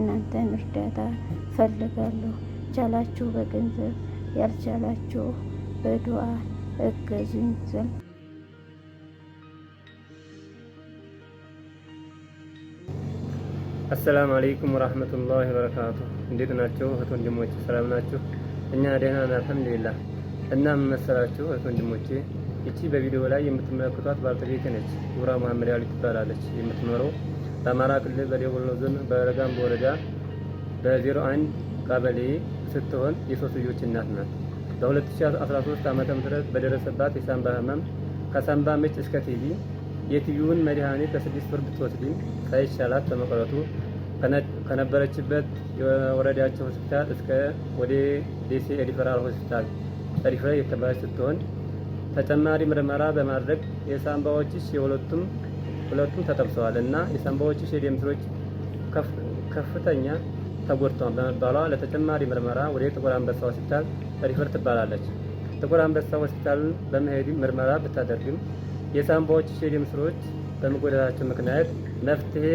እናንተን እርዳታ ፈልጋለሁ። ቻላችሁ በገንዘብ ያልቻላችሁ በዱዓ እገዙኝ ዘንድ አሰላሙ አለይኩም ወራህመቱላሂ ወበረካቱ። እንዴት ናችሁ እህት ወንድሞቼ? ሰላም ናችሁ? እኛ ደህና ነን አልሐምዱሊላህ። እና ምን መሰላችሁ እህት ወንድሞቼ፣ እቺ በቪዲዮ ላይ የምትመለከቷት ባለቤቴ ነች። ጉራ መሀመድ ያሉ ትባላለች የምትኖረው በአማራ ክልል በደቡብ ወሎ ዞን በረጋም ወረዳ በ 01 ቀበሌ ስትሆን የሶስት ልጆች እናት ናት። በ2013 ዓ ም በደረሰባት የሳምባ ህመም ከሳምባ ምች እስከ ቲቪ የቲቪውን መድኃኒት በስድስት ወር ብትወስድም ሳይሻላት በመቅረቱ ከነበረችበት የወረዳቸው ሆስፒታል እስከ ወደ ደሴ ሪፈራል ሆስፒታል ሪፈራ የተባለች ስትሆን ተጨማሪ ምርመራ በማድረግ የሳምባዎችሽ የሁለቱም ሁለቱም ተጠብሰዋል እና የሳንባዎችሽ የደም ስሮች ከፍተኛ ተጎድተዋል በመባሏ ለተጨማሪ ምርመራ ወደ ጥቁር አንበሳ ሆስፒታል ሪፈር ትባላለች። ጥቁር አንበሳ ሆስፒታልን በመሄድ ምርመራ ብታደርግም የሳንባዎችሽ የደም ስሮች በመጎዳታቸው ምክንያት መፍትሄ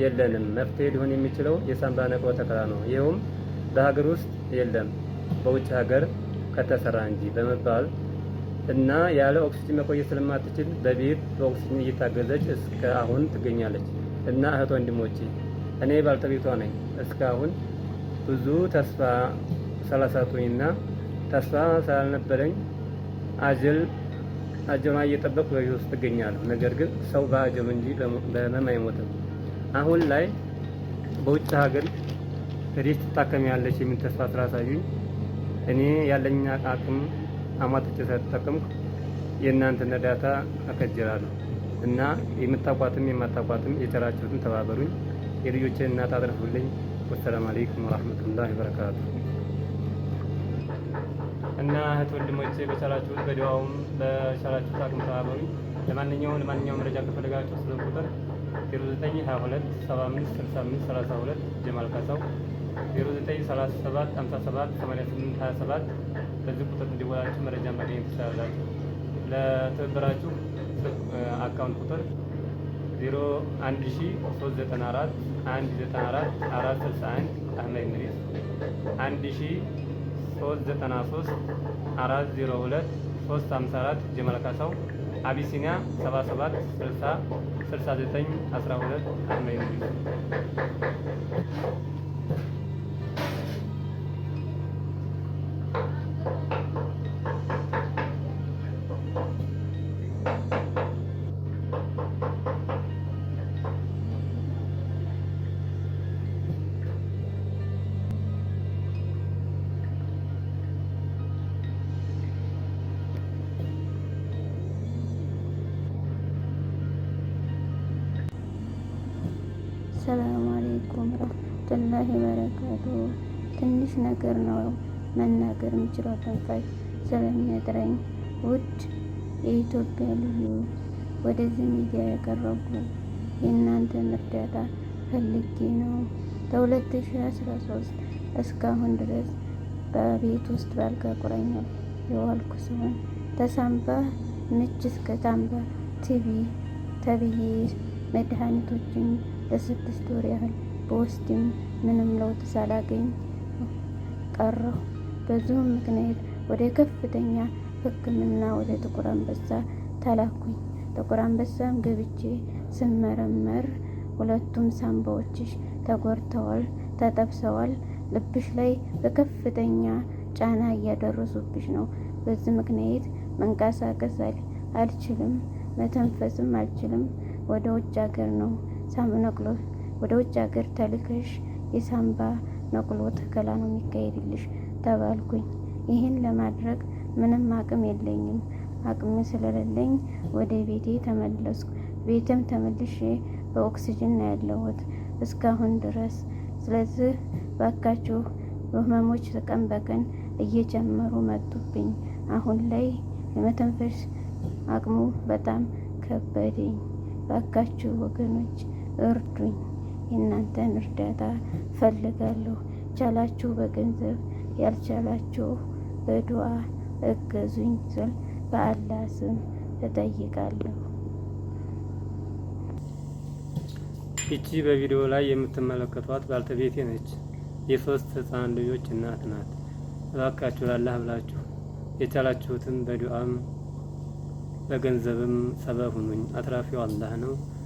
የለንም። መፍትሄ ሊሆን የሚችለው የሳንባ ነቅሎ ተከላ ነው። ይኸውም በሀገር ውስጥ የለም በውጭ ሀገር ከተሰራ እንጂ በመባል እና ያለ ኦክሲጅን መቆየት ስለማትችል በቤት በኦክሲጅን እየታገዘች እስከ አሁን ትገኛለች። እና እህት ወንድሞች እኔ ባልተቤቷ ነኝ። እስካሁን ብዙ ተስፋ ሰላሳቱኝና ተስፋ ስላልነበረኝ አጀል አጀሏ እየጠበቅ በቤት ውስጥ ትገኛለሁ። ነገር ግን ሰው በአጀሉ እንጂ በህመም አይሞትም። አሁን ላይ በውጭ ሀገር ሄደሽ ትታከሚያለሽ የሚል ተስፋ ስላሳዩኝ እኔ ያለኝ አቅም አሟጥጬ ሳይጠቀምኩ የእናንተን እርዳታ አከጅራለሁ እና የምታቋትም የማታቋትም የቻላችሁትን ተባበሩኝ። የልጆችን እናት አትርፉልኝ። ወሰላም አለይኩም ወራህመቱላሂ ወበረካቱ። እና እህት ወንድሞቼ በቻላችሁት በደዋውም በቻላችሁት አቅም ተባበሩኝ። ለማንኛውም ለማንኛውም መረጃ ከፈለጋችሁ ስልክ ቁጥር 0922 75 65 32 ጀማል ካሳው 0937 57 88 27 በዚህ ቁጥር እንዲወላችሁ መረጃ ማግኘት ትችላላችሁ። ለትብብራችሁ አካውንት ቁጥር 01394 194 461 አህመድ እንድሪስ 1393 402 ካሳው አቢሲኒያ 77 60 69 12 አህመድ እንድሪስ አሰላሙ አሌይኩም ረህመቱላሂ በረካቱ። ትንሽ ነገር ነው መናገር የምችለው ተንፋሽ ስለሚያጥረኝ። ውድ የኢትዮጵያ ልዩ ወደዚህ ሚዲያ ያቀረቡ የእናንተን እርዳታ ፈልጌ ነው። ከ2013 እስካሁን ድረስ በቤት ውስጥ ባልጋ ቁራኛ የዋልኩ ሲሆን ተሳምባ ምች እስከ ሳምባ ቲቪ ተብዬ መድኃኒቶችን ለስድስት ወር ያህል በውስጤም ምንም ለውጥ ሳላገኝ ቀረሁ። በዚሁም ምክንያት ወደ ከፍተኛ ሕክምና ወደ ጥቁር አንበሳ ተላኩኝ። ጥቁር አንበሳም ገብቼ ስመረመር ሁለቱም ሳንባዎችሽ ተጎድተዋል፣ ተጠብሰዋል፣ ልብሽ ላይ በከፍተኛ ጫና እያደረሱብሽ ነው። በዚህ ምክንያት መንቀሳቀስ አልችልም፣ መተንፈስም አልችልም። ወደ ውጭ ሀገር ነው ሳምነቅሎ ወደ ውጭ ሀገር ተልከሽ የሳምባ ነቅሎ ተከላ ነው የሚካሄድልሽ ተባልኩኝ። ይህን ለማድረግ ምንም አቅም የለኝም። አቅም ስለሌለኝ ወደ ቤቴ ተመለስኩ። ቤትም ተመልሼ በኦክስጅን ነው ያለሁት እስካሁን ድረስ። ስለዚህ ባካችሁ ህመሞች ቀን በቀን እየጨመሩ መጡብኝ። አሁን ላይ የመተንፈስ አቅሙ በጣም ከበደኝ። ባካችሁ ወገኖች እርዱኝ፣ የእናንተን እርዳታ ፈልጋለሁ። ቻላችሁ በገንዘብ ያልቻላችሁ በዱዓ እገዙኝ ስል በአላህ ስም እጠይቃለሁ። ይቺ በቪዲዮ ላይ የምትመለከቷት ባልተቤቴ ነች። የሶስት ህፃን ልጆች እናት ናት። እባካችሁ ላላህ ብላችሁ የቻላችሁትን በዱዓም በገንዘብም ሰበብ ሁኑኝ። አትራፊው አላህ ነው።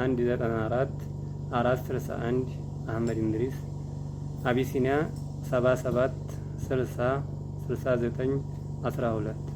አንድ ዘጠና አራት አራት ስልሳ አንድ አህመድ እንድሪስ አቢሲኒያ ሰባ ሰባት ስልሳ ስልሳ ዘጠኝ አስራ ሁለት